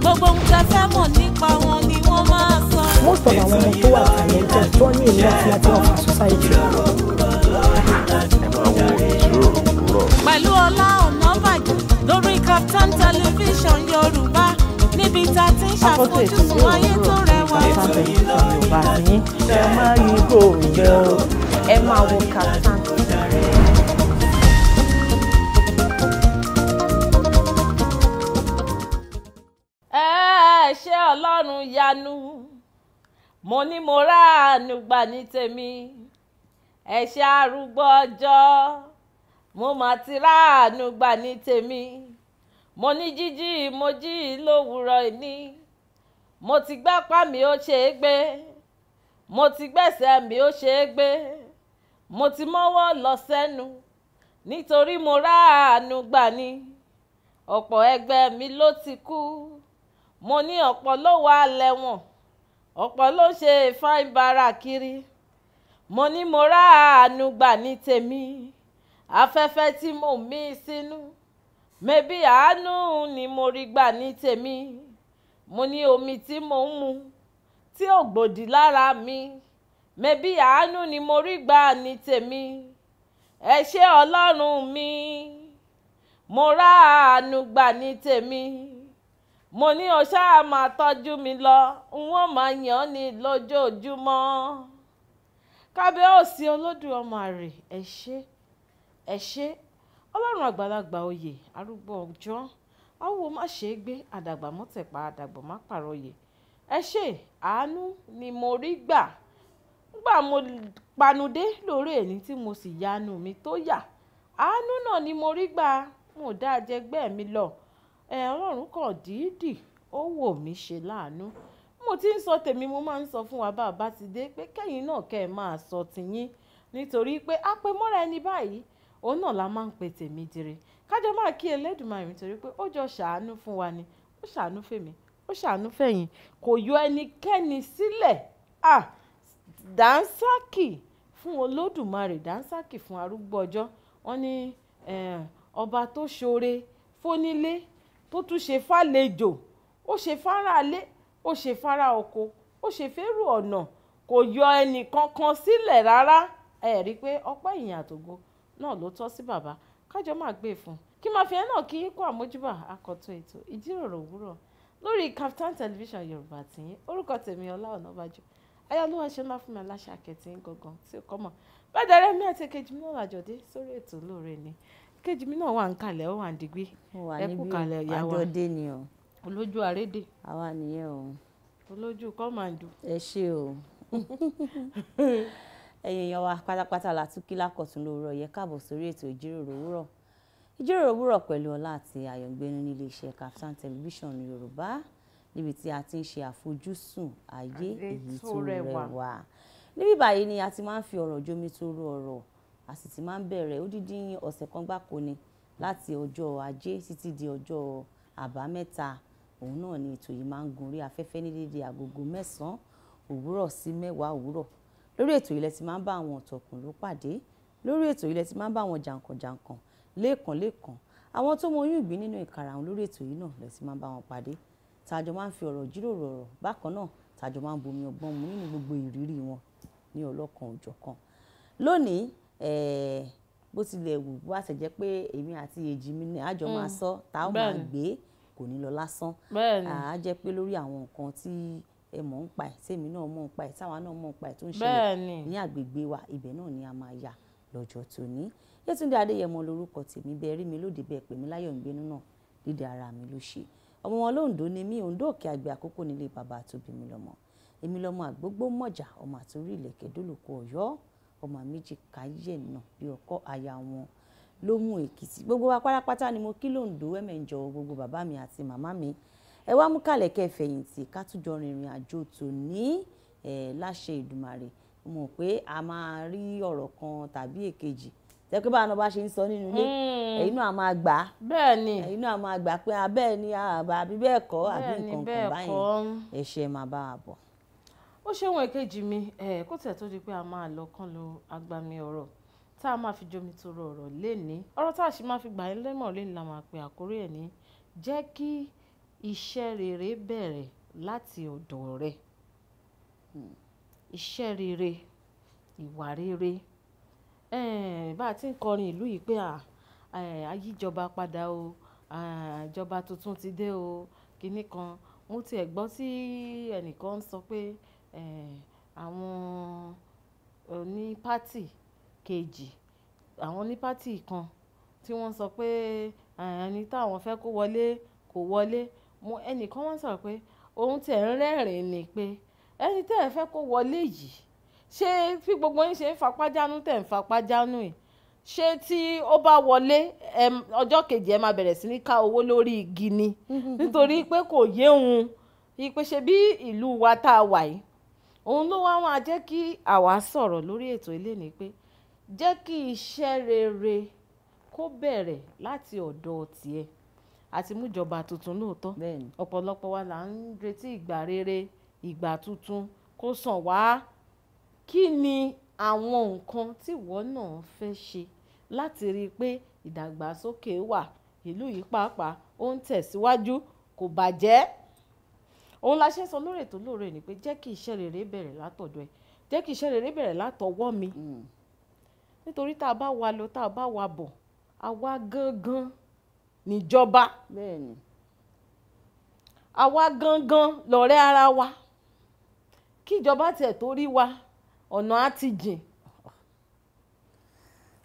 gbogbo ohun tẹ́ fẹ́ mọ̀ nípa wọn ni wọ́n máa sọ. most of àwọn ọmọ tó wà talented tó ní ìlú àti àti ọ̀fà society. pẹ̀lú Ọlá Ọ̀nàbàjọ lórí Kaftan television Yorùbá níbi tá a ti ń ṣàfojúsùn ayé tó rẹwà. ẹ máa yí kò rẹ̀ o ẹ máa wo Kaftan. iṣẹ́ ọlọ́run yanu mo ní mo ráàánú gbà ní tèmi ẹ̀ṣẹ̀ arúgbó ọjọ́ mo mà ti ráàánú gbà ní tèmi mo ní jíjí mo jí lówùúrọ̀ ìní mo ti gbápá mi ó ṣe é gbé mo ti gbẹ̀sẹ̀ mi ó ṣe é gbé mo ti mọ́wọ́ lọ sẹ́nu nítorí mo ráàánú gbà ní ọ̀pọ̀ ẹgbẹ́ mi ló ti kú mo ní ọ̀pọ̀ ló wà lẹ́wọ̀n ọ̀pọ̀ ló ń ṣe fáínbára kiri mo ní mo ráàánú gbà ní tèmi afẹ́fẹ́ tí mò mí sínú mẹ́bí àánú ni mo rí gbà ní tèmi mo ní omi tí mò ń mu tí ò gbòdì lára mi mẹ́bí àánú ni mo rí gbà ní tèmi ẹ ṣé ọlọ́run mi mo ráàánú gbà ní tèmi mo ní o ṣáà máa tọ́jú mi lọ n ó máa yàn ọ́ ní lójoojúmọ́ kábíyèsí olódùmarè ẹ ṣé ẹ ṣé ọlọ́run àgbàlagbà oyè arúgbó ọjọ́ awo má ṣe é gbé àdàgbà mọ́tẹ̀pá àdàgbà má pààrọ̀ oyè ẹ ṣé àánú ni mo rí gbà nígbà mo panudé lórí ẹni tí mo sì yanu mi tó yà àánú náà ni mo rí gbà mo dá ajẹgbẹ́ mi lọ ẹ ọlọ́run kàn dídì ó wò mí ṣe láàánú mo ti ń sọ tèmi mo máa ń sọ fún wa bá a bá ti dé pé kẹ́yìn náà kẹ́ ẹ máa sọ tiyín nítorí pé a pe mọ́ra ẹni báyìí òun náà la máa ń pe tèmi dire kájọ máa kí Elédùmarè nítorí pé ó jọ ṣàánú fún wa ni ó ṣàánú fèmí ó ṣàánú fẹ̀yìn kò yọ ẹnikẹ́ni sílẹ̀ ah dánsákì fún Olódùmarè dánsákì fún arúgbó ọjọ́ wọn ní ọba tó ṣoore fónílé tó tún ṣe fàlejò ó ṣe fáráalé ó ṣe fárá oko ó ṣe fẹ́rù ọ̀nà kò yọ ẹnì kankan sílẹ̀ rárá ẹ rí i pé ọpẹ́ ìyìn àtògo náà ló tọ́ sí bàbá kájọ máa gbé e fún un kí máa fi ẹ náà kí yín kó àmójúbà akọ̀tún ètò ìjíròrò òwúrọ̀ lórí Kaftan television yorùbá tìyín orúkọ tèmi Ọlá Ọ̀nàbàjọ ayọ́lúwa ṣe ńlá fún mi aláṣà kẹtì ń gangan tí ó kọ́ mọ̀ bá darí ẹ̀mí àti èkejì mi náà làjọ̀dé sórí ètò lóore ni kejì mi náà wà ń kalẹ̀ ó wà ń digbí ẹ kalẹ̀ ìyá wa àjọdé ni o olójú àrédè àwa nìyẹn o olójú kọ́màndù ẹ ṣe o ẹ̀yin èèyàn wa pátápátá la tún kí lákọ̀tún lóòrọ̀ yẹ káàbọ̀ sórí ètò ìjíròrò òwúrọ̀ ìjíròrò òwúrọ̀ pẹ̀lú Ọlá àti Ayọ̀ngbénu nílé iṣẹ́ Kaftan Television Yorùbá níbi tí a ti ń ṣe àfojúsùn ayé èyí tó rẹwà níbí báyìí ni a ti máa ń fi ọ̀rọ̀ jomi tó rú ọ̀rọ̀ a sì ti máa ń bẹ̀rẹ̀ odidi ọ̀sẹ̀ kan gbáko ni láti ọjọ́ ajé títí di ọjọ́ àbámẹ́ta òun náà ni ètò yìí máa ń gun orí afẹ́fẹ́ ní déédéé agogo mẹ́sàn-án òwúrọ̀ sí mẹ́wàá òwúrọ̀ lórí ètò yìí lẹ ti máa ń bá àwọn ọ̀tọ̀kùn ló pàdé lórí ètò yìí lẹ máa ń bá àwọn jàǹkànjàǹkàn lẹ́ẹ̀kan lẹ́ẹ̀kan àwọn tó mọ oyún ìgbín nínú ìkara àwọn lórí ètò yìí náà lẹ ti máa ń bá wọn pàdé tàjọ máa ń fi ọ̀rọ̀ jíròrò ọ̀rọ̀ bákan náà tàjọ máa ń bomi ọgbọ́n mu nínú gbogbo ìrírí wọn ní ọlọ́kan òjọ̀kan lónìí Eh, bó tilẹ̀ wù bó àṣẹ jẹ́ pé èmi àti èjì mi ni àjọ máa hmm. sọ tá a máa gbé kò ní lọ lásán àá jẹ́ pé lórí àwọn nǹkan tí ẹ mọ̀ ń pa ẹ̀ tèmi náà mọ̀ ń pa ẹ̀ táwa náà mọ̀ ń pa ẹ̀ tó ń ṣẹlẹ̀ ní àgbègbè wa ibẹ̀ náà ni a máa yà lọ́jọ́ tòní Yétúndé Adéyẹmọ lórúkọ tèmi bẹ́ẹ̀ rí mi lóde bẹ́ẹ̀ pè mí láyọ̀ ń gbénú náà dídá ara mi ló ṣe ọmọ wọn lóńdó ni mí òǹdó òkè àgbẹ̀ àkókò nílé bàbá àtòbí mi lọ́mọ èmi lọ́mọ àgbógbó mọ̀jà ọmọ àtúrí ìlẹ̀kẹ̀ dólòkó ọ̀yọ́ ọmọ méjì káyé náà bí ọkọ aya wọn ló mú èkìtì gbogbo wa pátápátá ni mo kí lòǹdó ẹ̀mẹ̀jọ gbogbo bàbá mi àti màmá mi ẹ wá mú kàlẹ̀ kẹ́ fẹ̀yìntì ká tún jọ rìnrìn àjò tòní ẹ̀ láṣẹ Èdùmàrè mọ̀ pé a máa rí ọ̀rọ̀ kan tàbí èkejì tẹ pé báwọn ọba ṣe ń sọ nínú ilé hmm. ẹ̀yin náà máa gbà á bẹ́ẹ̀ ni pé abẹ́ẹ̀ ni àbí bẹ́ẹ̀ kọ́ àbí nǹkan kan báyìí ẹ̀ṣẹ̀ máa bá a bọ̀ ó ṣe ohun èkejì mi kó tiẹ̀ tó di pé a máa lọ kán lo agbami ọ̀rọ̀ tá a máa fi jomi toro ọ̀rọ̀ léni ọ̀rọ̀ tá a sì máa fi gbà yín lẹ́mọ̀ léni la máa pe àkórí ẹ̀ ní jẹ́ kí iṣẹ́ rere bẹ̀rẹ̀ láti ọ̀dọ̀ rẹ hmm, iṣẹ́ rere ìwà rere bá a ti ń kọrin ìlú yìí pé ayíjọba padà o ìjọba tuntun ti dé o kinní kan mo tiẹ̀ gbọ́ tí ẹnìkan ń sọ pé Eh, àwọn oní pátì kejì, àwọn oní pátì kan tí wọ́n sọ pé ẹni tí àwọn fẹ́ kó wọlé kò wọlé. Mo ẹni kan wá sọ̀rọ̀ pé òun ti ẹ̀ ń rẹ́rìn-ín ni pé ẹni tí ẹ̀ fẹ́ kó wọlé yìí, ṣé bí gbogbo yín ṣe ń fapá jánu tẹ̀ ń fapá jánu yìí, ṣé tí ó bá wọlé, ẹ ọjọ́ kejì ẹ máa bẹ̀rẹ̀ sí ní ká owó lórí igi ni. Nítorí pé kò yé òun. Wípé ṣe bí ìlú wa tá a wà yìí, òun ló wá máa jẹ́ kí àwa sọ̀rọ̀ lórí ètò ilé ni pé jẹ́ kí iṣẹ́ rere kó bẹ̀rẹ̀ láti ọ̀dọ̀ tiẹ̀ àti mújọba tuntun lóòótọ́ ọ̀pọ̀lọpọ̀ wa là ń retí ìgbà rere ìgbà tuntun kó sàn wá kí ni àwọn nǹkan tí ìwọ náà fẹ́ ṣe láti rí i pé ìdàgbàsókè wà ìlú yìí pàápàá ó ń tẹ̀síwájú kò bàjẹ́ òun la ṣe ń sọ lórí ètò lóore ni pé jẹ́ kí iṣẹ́ rere bẹ̀rẹ̀ látọ̀dọ̀ ẹ jẹ́ kí iṣẹ́ rere bẹ̀rẹ̀ látọwọ́ mi mm. nítorí tá a bá wa lọ tá a bá wa bọ̀ àwa gangan níjọba àwa gangan lọ̀rẹ́ ara wa kí ìjọba tiẹ̀ tó rí wa ọ̀nà á ti jìn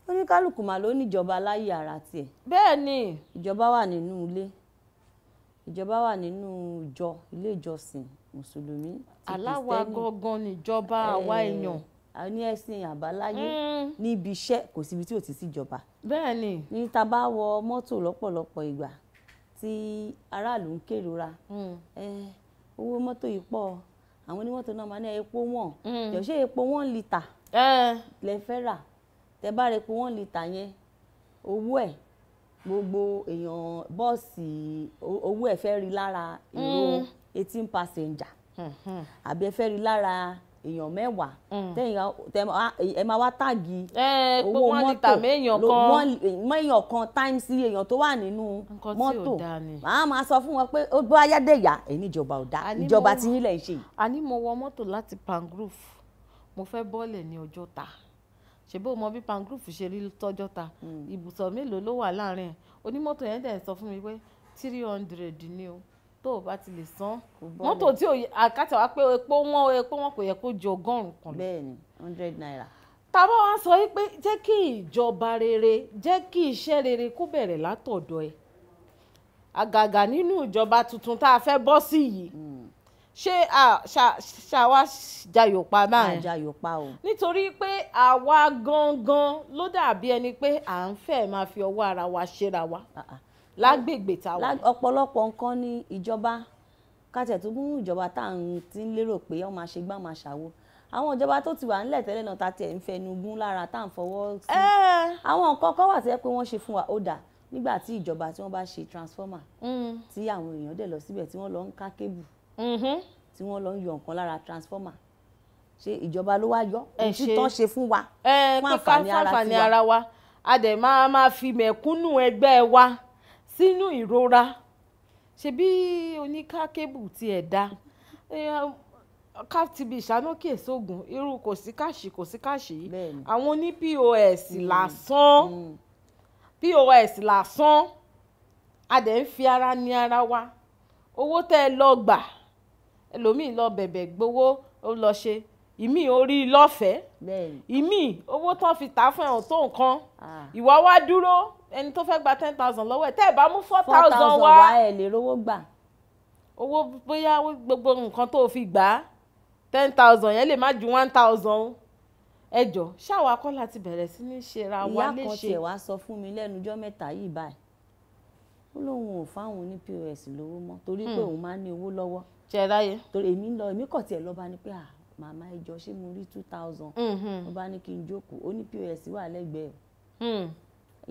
oníkálukú mà ló níjọba láyé ara tiẹ̀. bẹ́ẹ̀ ni. ìjọba wà nínú ilé ìjọba wà nínú ìjọ ilé ìjọsìn mùsùlùmí ti kìrìsìtẹ́nì aláwa gangan níjọba àwa èèyàn a ní ẹ̀sìn àbáláyé mm. níbi iṣẹ́ kò síbi tí ò ti síjọba bẹ́ẹ̀ ni ní ta bá wọ mọ́tò lọ́pọ̀lọpọ̀ ìgbà tí aráàlú ń kérora mm. owó mọ́tò yìí pọ̀ àwọn onímọ́tò náà máa ní epo wọn mm. jọ ṣé epo one litre lẹ rà tẹ bá rẹ epo one litre yẹn owó ẹ̀ gbogbo èèyàn bọ́ọ̀sì owó ẹ̀ fẹ́ rí lára ìró mm. eighteen passenger mm-hmm. àbí ẹ fẹ́ rí lára èèyàn mẹ́wàá mm. tẹ̀yìn ẹ máa wá táàgì owó mọ́tò mọ́ èèyàn kan time sí èèyàn tó wà nínú mọ́tò màá máa sọ fún wọn pé ó bá yádẹ́yà ẹ̀ níjọba ò dáa ìjọba tí yín lẹ̀ ń ṣe yìí. àní mo wọ mọ́tò láti Pangrove mo fẹ́ bọ́ọ̀lẹ̀ ní Ọjọ́ta ṣebí o mọ bí Pangroove ṣe rí tọ́jọ́ ta hmm. ibùsọ̀ mélòó ló wà láàrin ẹ̀ onímọ́tò yẹn dẹ̀ sọ fún mi pé three hundred ni o tó o bá ti lè san mọ́tò tí àkàtà wá pé epo wọn epo wọn kò yẹ kó ju ọgọ́rùn-ún kan lọ. bẹ́ẹ̀ni hundred naira. tàbá wa sọ pé jẹ́ kí ìjọba rere jẹ́ kí iṣẹ́ rere kó bẹ̀rẹ̀ látọ̀dọ̀ ẹ̀ àgàgà nínú ìjọba tuntun tá a fẹ́ bọ́ sí yìí. Mm ṣé ṣàwa jayò pa báyìí jayò pa o nítorí pé àwa gangan ló dàbí ẹni pé à ń fẹ́ máa fi ọwọ́ ara wa ṣera wa ah, ah. lágbègbè táwa. ọ̀pọ̀lọpọ̀ nǹkan ní ìjọba kàtẹ̀ tó mú ìjọba tá à ń ti ń lérò pé ó máa ṣe gbá máa ṣàwo àwọn ìjọba tó ti wà ńlẹ̀ tẹ́lẹ̀ náà ta tiẹ̀ ń fẹnu lára tá à ń fọwọ́ sí àwọn nǹkan kan wà tó yẹ pé wọ́n ṣe fún wa ó dà nígbà tí ìjọba tí wọ́n bá ṣe transformer mm. tí àwọn èèyàn dẹ̀ lọ síbẹ̀ tí wọ́n lọ ń ká kébù Mm-hmm. tí wọ́n lọ ń yọ nǹkan lára transformer ṣe ìjọba ló wá yọ èyí ṣe fún wa fún àǹfààní ara wa a dẹ̀ máa máa fi mẹ̀kúnnù ẹgbẹ́ wa sínú ìrora ṣebí oníká kébù ti ẹ̀ dá captv ṣànókè sógun irú kò sí káṣí kò sí káṣí àwọn oní pos mm. lásán mm. pos lásán a dẹ̀ ń fi ara ní ara wa owó tẹ́ ẹ lọ gbà ẹlòmíì lọ bẹ̀bẹ̀ gbowó ó lọ ṣe ìmí orí lọ́fẹ̀ẹ́ ìmí owó tán fi tà fún ẹ̀hún tó nǹkan ìwọ wá dúró ẹni tó fẹ́ gba ten thousand lọ́wọ́ ẹ̀ tẹ́ ẹ̀ bá mú four thousand wá ẹ̀ lè rówó gbà owó bóyá gbogbo nǹkan tó fi gbà á ten thousand yẹn lè má ju one thousand ẹ jọ ṣáwa kọ́ láti bẹ̀rẹ̀ sí ní ṣe ra wa léṣe ìyá kan tiẹ̀ wá sọ fún mi lẹ́nu ọjọ́ mẹ́ta yìí báyìí ó lóun ò fáwọn ní pọ́s lówó mọ́ torí pé hmm. òun máa ń ní owó lọ́wọ́ ṣe é ráyè. torí èmi lọ èmi kọ̀ tiẹ̀ lọ́ba ni pé à ah, màmá ìjọ ṣé mo rí two thousand. Mm-hmm. wọ́n bá ní kí n jókòó ó ní pọ́s wà lẹ́gbẹ̀ẹ́ hmm.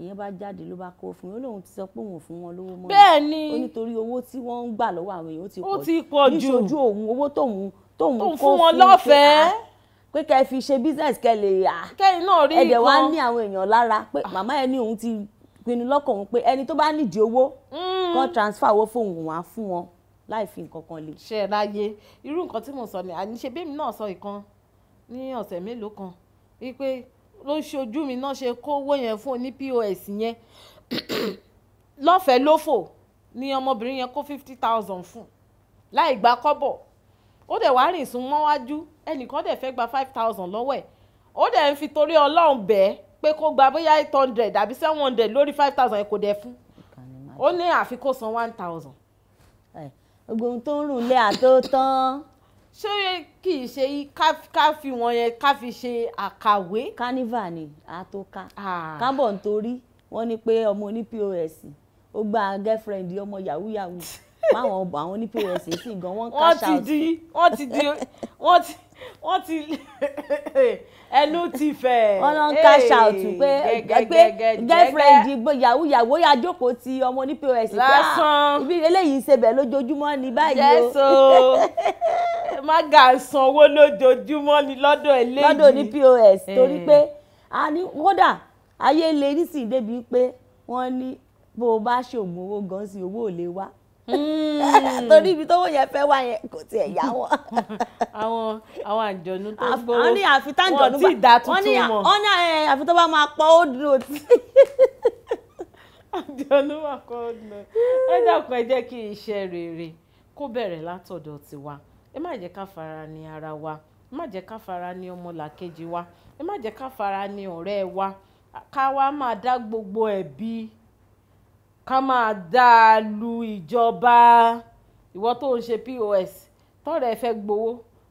ìyẹn bá jáde ló bá kó fún yín ó lóun ti sọ pé òun fún wọn lówó mọ́ bẹ́ẹ̀ ni ó nítorí owó tí wọ́n ń gbà lọ́wọ́ àwọn èèyàn ó ti pọ̀ jù níṣojú òun owó tóun tóun kó fún wọn lọ́fẹ̀ẹ́ ah, pé kẹ́ ẹ fi ṣe business kẹ́ lè yà ah, kẹ́yìn náà rí nǹkan ẹ̀dẹ̀ wá ní àwọn èèyàn lára pé màmá ẹ ní òun ti pinnu lọ́kàn òun pé ẹni tó bá nídìí owó hmm. kan transfer owó fóun wá fún wọn láì fi nǹkan kan lè. ṣe é ráyé irú nǹkan tí mo sọ ni àníṣe bẹ́ẹ̀ mi náà sọ ìkan ní ọ̀sẹ̀ mélòó kan wípé ló ṣojú mi náà ṣe kówó yẹn fún ní pos yẹn lọ́fẹ̀ẹ́ lófò ni ọmọbìnrin yẹn kó fifty thousand fún láì gba kọ́bọ̀ ó dẹ̀ wá rìn sún mọ́wájú ẹnìkan dẹ̀ fẹ́ gba five thousand lọ́wọ́ ẹ̀ ó dẹ̀ ń fi torí ọlọ́run bẹ́ẹ̀ pé kó gba bóyá eight hundred àbí seven hundred lórí five thousand ẹ̀ kò dẹ̀ fún ó ní àfikún san one thousand ogun tó ń rùn lé àtótán. ṣé kì í ṣe ká fi wọn yẹn ká fi ṣe àkàwé. carnival ni àtòká kábọ̀ nítorí wọ́n ní pé ọmọ oní pọ́s ó gba girlfriend ọmọ yahoo yahoo máwọn àwọn ní pọ́s sì gan wọ́n cash out. wọ́n ti di wọ́n ti di wọ́n ti wọ́n ti ẹnu ti fẹ̀. wọ́n lọ ń cash out pé pé girlfriend yahoo yahoo yà ti ọmọ ní pọ́s. lásán ibi sebẹ̀ lójoojúmọ́ ni báyìí o. jẹ́sọ mága sanwó lójoojúmọ́ ni lọ́dọ̀ eléyìí. lọ́dọ̀ ní pos hmm. torí pé a ní kódà ayé lè nísìnyí débi pé wọ́n ní bó o bá ṣògùn owó gan sí owó ò lè wá hmm. torí ibi tówó yẹn fẹ́ wá yẹn kò tiẹ̀ yá wọn. àwọn àwọn àjọ̀nú tó gbowó wọ́n ní àfi táǹjọ̀nú bá wọ́n ní àfi bá máa pọ̀ ó dúró tí àjọlúwà kan nà ẹ dákun ẹ jẹ́ kí iṣẹ́ rere kó bẹ̀rẹ̀ látọ̀dọ̀ tiwa ẹ má jẹ́ ká fara ní ara wa ẹ má jẹ́ ká fara ní ọmọlàkejì wa ẹ má jẹ́ ká fara ní ọ̀rẹ́ wa ká wá máa dá gbogbo ẹ̀bi ká máa dá a lu ìjọba ìwọ tó ń ṣe pos tọrẹ ẹ fẹ́ gbowó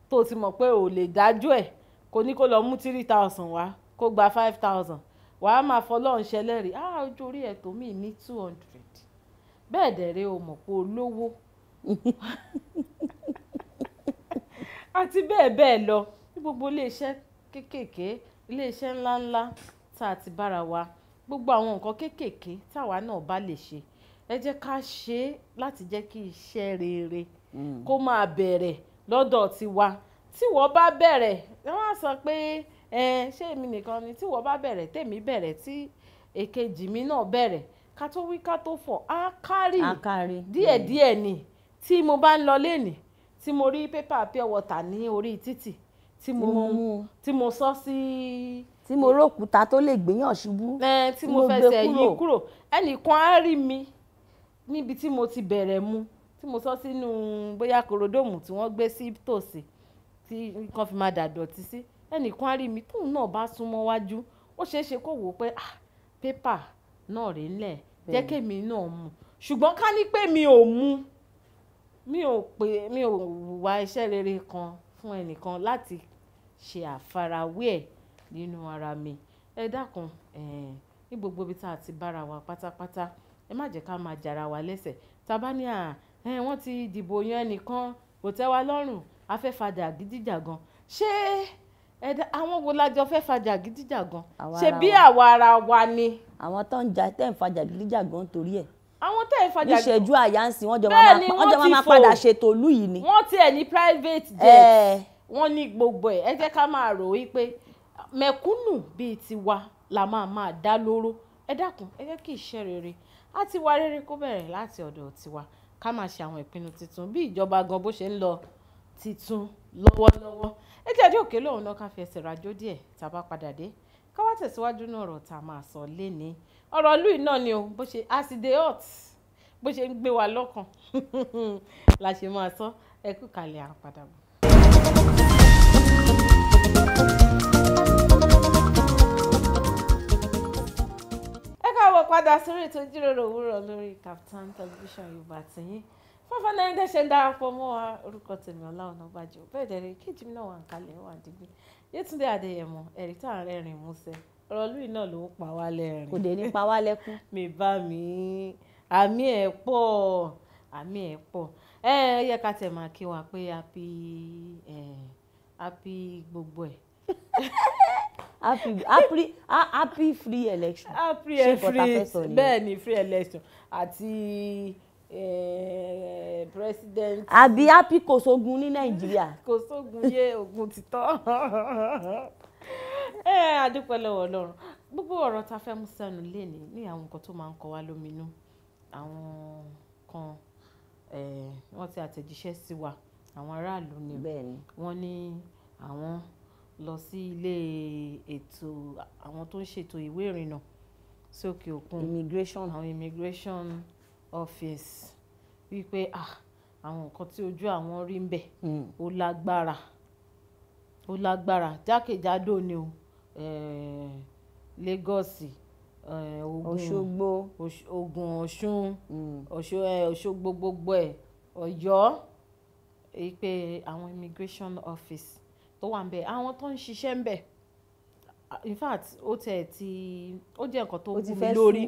tó ti mọ̀ pé ò lè dájú ẹ̀ kò ní kó lọ mú three thousand wá kó gba five thousand wàá máa fọlọ́run ṣẹlẹ́rìí ah ojú orí ẹ̀ tó mì ní two hundred bẹ́ẹ̀ dẹ̀rẹ́ o mọ̀ pé olówó àti bẹ́ẹ̀ bẹ́ẹ̀ lọ ní gbogbo iléeṣẹ́ kéékèèké iléeṣẹ́ ńláńlá tá a ti bára wa gbogbo àwọn nǹkan kéékèèké táwa náà bá lè ṣe ẹ jẹ́ ká ṣe é láti jẹ́ kí iṣẹ́ rere mm. kó máa bẹ̀rẹ̀ lọ́dọ̀ tiwa tí wọ́n bá bẹ̀rẹ̀ wọ́n á sọ pé ẹ ṣé èmi nìkan ni tí wọ́n bá bẹ̀rẹ̀ tèmi bẹ̀rẹ̀ tí èkejì mi náà bẹ̀rẹ̀ ká tó wí ká tó fọ̀ á kárì díẹ̀díẹ̀ ni tí mo bá ń lọ lénìí tí mo rí pépà pure water ní orí títì tí mo mú tí mo sọ sí. tí mo rókúta tó lè gbéyàn ṣubú tí mo fẹsẹ̀ yí kúrò ẹnìkan á rí mi níbi tí mo ti bẹ̀rẹ̀ mu tí mo sọ sínú bóyá korodomu tí wọ́n gbé sí tòsí tí nǹkan fi máa dàdọ̀tí sí. Si ẹnìkan á rí mi tóun náà bá súnmọ́ wájú ó ṣeé ṣe kó wò ó pé ah, pépà náà rèé lẹ̀ jẹ́ kémi náà mu ṣùgbọ́n ká ní pé mi ò mu mi ò pé mi ò wá iṣẹ́ rere kan fún ẹnìkan láti ṣe àfarawé ẹ̀ nínú ara mi ẹ dákun ní gbogbo ibi tá a ti bára wa pátápátá ẹ má jẹ́ ká máa jara wa lẹ́sẹ̀ tá a wọ́n ti dìbò yan ẹnìkan kò tẹ́ wa lọ́rùn afẹ́fadà gidijàgan ṣé ẹ̀dá àwọn wo la jọ fẹ́ fa jàgídíjàgan ṣe bí àwa ara wa ni. àwọn tó ń ja tẹ́ ń fa jàgídíjàgan torí ẹ̀ àwọn tẹ́ ẹ̀ fajà jù ìṣẹ́jú àyà ń sin wọ́n jọ máa padà ṣètò ìlú yìí ni. wọ́n ti ẹ̀ ní private jet wọ́n ní gbogbo ẹ̀ ẹ jẹ́ ká máa rò ó pé mẹ̀kúnnù bíi tiwa la máa máa dá lóró ẹ dákun ẹ jẹ́ kí iṣẹ́ rere á ti wá rere kó bẹ̀rẹ̀ láti ọ̀dọ̀ tiwa ká máa ṣe àwọn ìpinnu tuntun bí ìjọba gan bó ṣe ń lọ titun lọ́wọ́lọ́wọ́ ẹtí ajé òkè lòun náà ká fi ẹsẹ̀ rajó díẹ̀ tá a bá padà dé ká wá tẹ̀síwájú náà ọ̀rọ̀ tá a máa sọ léni ọ̀rọ̀ lùí náà ni o bó ṣe aside hot bó ṣe ń gbé wa lọ́kàn la ṣe máa sọ ẹ kú kalẹ̀ à ń padà bọ̀. ẹ káwọ́ padà sórí ètò ìjíròrò òwúrọ̀ lórí Kaftan television Yorùbá tìyín wọ́n fẹ́ lẹ́yìn tẹ́sẹ̀ ń darapọ̀ mọ́ wa orúkọ tèmi Ọlá Ọ̀nàbàjọ bẹ́ẹ̀ dẹ̀ rí kejì mi náà wà ń kalẹ̀ wà dígbì Yétúndé Adéyẹmọ ẹ̀rí tá à ń rẹ́rìn músẹ́ ọ̀rọ̀ lùyìn náà ló ń pa wá lẹ́rìn. kò dé ní pa wá lẹ́kún. mi bá mi àmì ẹ̀ pọ̀ àmì ẹ̀ pọ̀ ẹ yẹ ká tẹ̀ máa kí wa pé happy happy gbogbo ẹ̀. happy happy happy free election. happy free bẹ́ẹ̀ ni free election àti Eh, president. àbí happy kò sógun ní nàìjíríà. kò sógun yé ogun ti tán. ẹ eh, adúpẹ́ lọ́wọ́ ọlọ́run gbogbo ọ̀rọ̀ ta fẹ́ mú sẹ́nu léèní ní àwọn nǹkan tó máa ń kọ wá lóminú àwọn kan eh, wọ́n ti àtẹ̀jíṣẹ́ sí wa àwọn aráàlú ni wọ́n ní àwọn lọ sí ilé ètò àwọn tó ń ṣètò ìwé ìrìnnà sí òkun immigration àwọn immigration Office. wípé ah, àwọn nǹkan tí ojú àwọn rí ń bẹ hmm. ó lágbára ó lágbára jákèjádò ni o Lagos Òṣogbo Ògùn Ọ̀ṣun Òṣogbo hmm. gbogbo ẹ̀ Ọ̀yọ́ pé àwọn immigration office tó wà ń bẹ àwọn tó ń ṣiṣẹ́ ń bẹ in fact ó tẹ̀ ti ó jẹ́ nǹkan tó wú mi lórí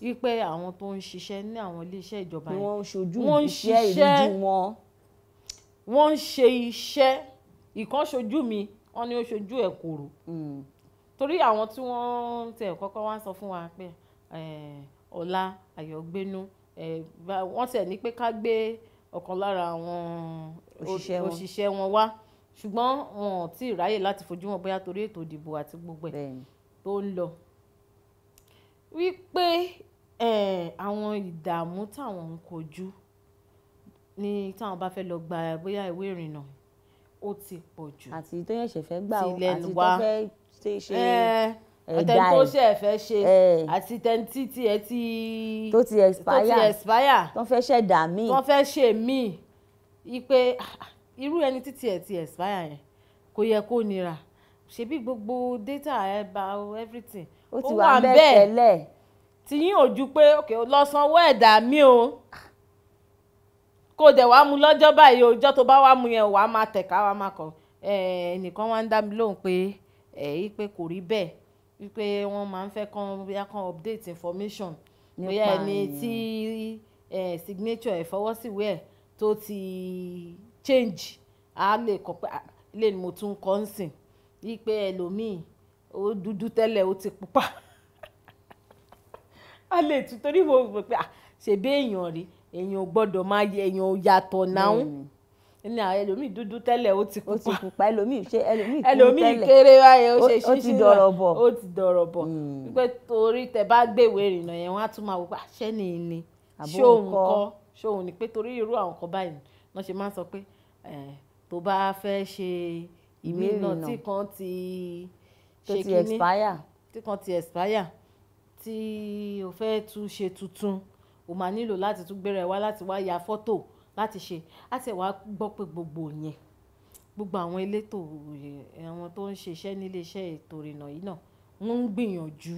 wípé àwọn tó ń ṣiṣẹ́ ní àwọn iléeṣẹ́ ìjọba yẹn wọ́n ń ṣojú iṣẹ́ ìríjú wọn. wọ́n ń ṣe iṣẹ́ ìkan ṣojú mi wọ́n ní ó ṣojú ẹ̀ kòrò. Hmm. torí àwọn tí wọ́n tẹ̀ kọ́kọ́ wá sọ fún wa pé ọ̀la àyọ̀gbénú wọ́n tẹ̀ ní pé ká gbé ọ̀kan lára àwọn òṣìṣẹ́ wọn wá ṣùgbọ́n wọn ò tí ì ráyè láti fojú wọn bóyá torí ètò ìdìbò àti gbogbo ẹ̀ tó ń lọ wípé um àwọn ìdààmú táwọn ń kojú ní táwọn bá fẹ́ lọ gba bóyá ìwé ìrìnnà ó ti pọ̀ jù. àti tó yẹn ṣẹ̀fẹ̀ gbà ó àti tó fẹ́ ṣe ṣe ẹ̀dá ẹ̀ àtẹni tó ṣe ẹ̀fẹ́ ṣe àti tẹni tí tiẹ̀ ti tó ti expire tó fẹ́ ṣẹ̀dá míì tó fẹ́ ṣe míì ipe ah, ah, irú ẹni títí ẹ̀ ti expire yẹn kò yẹ kó nira ṣebí gbogbo data ẹ̀ bá everything ó ti wà bẹ́ẹ̀ tẹ́lẹ̀ tí yín ò ju pé òkè lọ sanwó ẹ̀dá mi o kó dẹ̀ wá mu lọ́jọ́ báyìí ọjọ́ tó bá wá mu yẹn wàá máa tẹ̀ka wàá máa kọ̀ ẹnìkan wá ń dá mi lóhùn pé ẹ̀ yí pé kò rí bẹ́ẹ̀ wípé wọ́n máa ń fẹ́ kán bóyá kán update information bóyá ẹni tí signature ẹ̀ fọwọ́ sí ìwé tó ti change á lè kọ pé ah, ilé ni mo tún kọ́ ń sìn wípé ẹlòmíì ó dúdú tẹ́lẹ̀ ó ti pupa. a lè tún torí mo mọ̀ pé ṣèbí èèyàn rí èèyàn ò gbọ́dọ̀ máa yẹ èèyàn ò yàtọ̀ náà ní àwọn ẹlòmíì dúdú tẹ́lẹ̀ ó ti pupa ẹlòmíì ṣe ẹlòmíì kúrú tẹ́lẹ̀ ẹlòmíì kéré wáyé ó ṣe ṣíṣe ó ti dọ̀rọ̀ bọ̀ ó ti dọ̀rọ̀ bọ̀ hmm. wípé torí tẹ bá gbèwé ìrìnà yẹn wọn á tún máa wípé àṣẹ ni ìní ṣóun kọ́ ṣóun ni pé torí irú àwọn kan báyìí náà ṣe máa ń sọ pé tó bá fẹ́ ṣe ìmí náà tí kan ti ṣe kíní tí kan ti expire tí o fẹ́ tún ṣe tuntun o máa nílò láti tún gbéra ẹ wá láti wá ya fọ́tò láti ṣe á sì wá gbọ́ pé gbogbo yẹn gbogbo àwọn elétò àwọn tó ń ṣiṣẹ́ níléeṣẹ́ ètò ìrìnnà yìí náà wọ́n ń gbìyànjú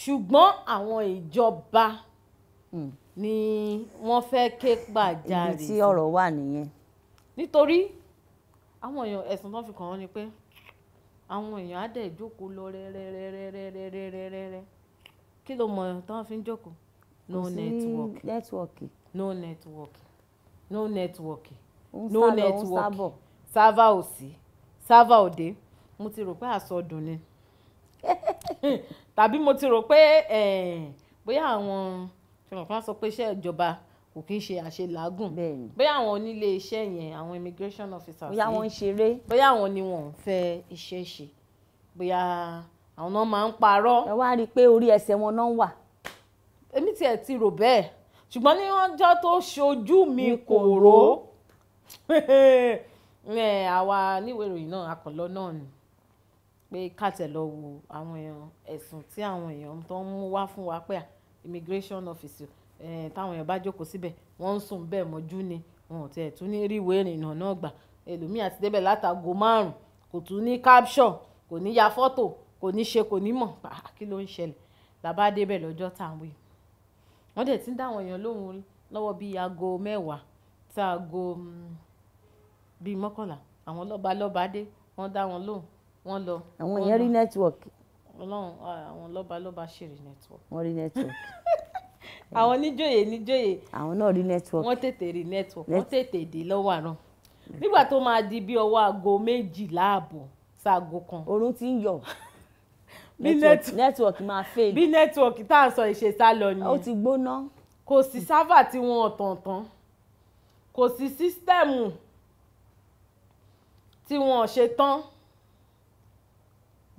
ṣùgbọ́n àwọn ìjọba ni wọ́n fẹ́ ké pàjáre ibi tí ọ̀rọ̀ wà nìyẹn. nítorí àwọn èèyàn ẹ̀sùn tó fi kàn wọ́n ni pé àwọn èèyàn á dẹ̀ jókòó lọ rẹ́rẹ́rẹ́rẹ́rẹ́rẹ́rẹ́rẹ́ kí ló mọ̀ tí wọ́n fi ń jókòó no network no network no network no network server ò sí server ò dé mo ti rò pé àsọdùn ni tàbí mo ti rò pé bóyá àwọn ṣèwọ̀nfà sọ pé iṣẹ́ ìjọba kò kí ń ṣe àṣelàágùn bóyá àwọn onílé iṣẹ́ yẹn àwọn immigration officers bóyá wọ́n ń ṣeré bóyá àwọn ni wọ́n ń fẹ́ iṣẹ́ ṣe bóyá. Bóyá àwọn náà máa ń parọ́. ẹ wá rí i pé orí ẹsẹ̀ wọn náà wà. èmi tiẹ̀ ti rò bẹ́ẹ̀ ṣùgbọ́n ní ọjọ́ tó ṣojú mi kò ró àwa níwèé ìròyìn náà akọ̀lọ náà ni pé kàtẹ́ lọ wo àwọn èèyàn ẹ̀sùn tí àwọn èèyàn tó ń mú wá fún wa pé immigration office táwọn èèyàn bá jókòó síbẹ̀ wọ́n ń sùn bẹ́ẹ̀ mọ́jú ni wọn ò tiẹ̀ tún ní rí ìwé ìrìnnà náà gbà ẹlòmíì àti débẹ̀ látago márùn-ún kò tún ní caption kò ní ya fọ́tò kò ní ṣe kò ní mọ̀ ah, kí ló ń ṣẹlẹ̀ bàbá débẹ̀ lọ́jọ́ tá à ń wí wọ́n dẹ̀ ti ń dáwọn èèyàn lóhùn lọ́wọ́ bíi aago mẹ́wàá tá aago mm, bíi mọ́kànlá àwọn lọ́ba lọ́ba dé wọ́n dá wọn lóhùn wọ́n lọ. àwọn èèyàn rí nẹ́tíwọ̀kì. ọlọ́run àwọn lọ́ba lọ́ba ṣì rí nẹ́tíwọ̀kì. wọ́n rí nẹ́tíwọ̀kì. àwọn níjòyè níjòyè. àwọn náà rí nẹ́tíwọ̀kì. wọ́n tètè rí nẹ́tíwọ̀kì wọ́n tètè dé lọ́wọ́ àrùn. nígbà tó máa di bí ọwọ́ aago méjìlá ààbọ̀ sáago kan. oòrùn ti ń yọ bí network máa fail bí network tá à ń sọ ìṣèṣá lọ nìyẹn ó ti gbóná kò sí sáfà tí wọn ò tàn tán kò sí sísítẹ́ẹ̀mù tí wọn ò ṣe tán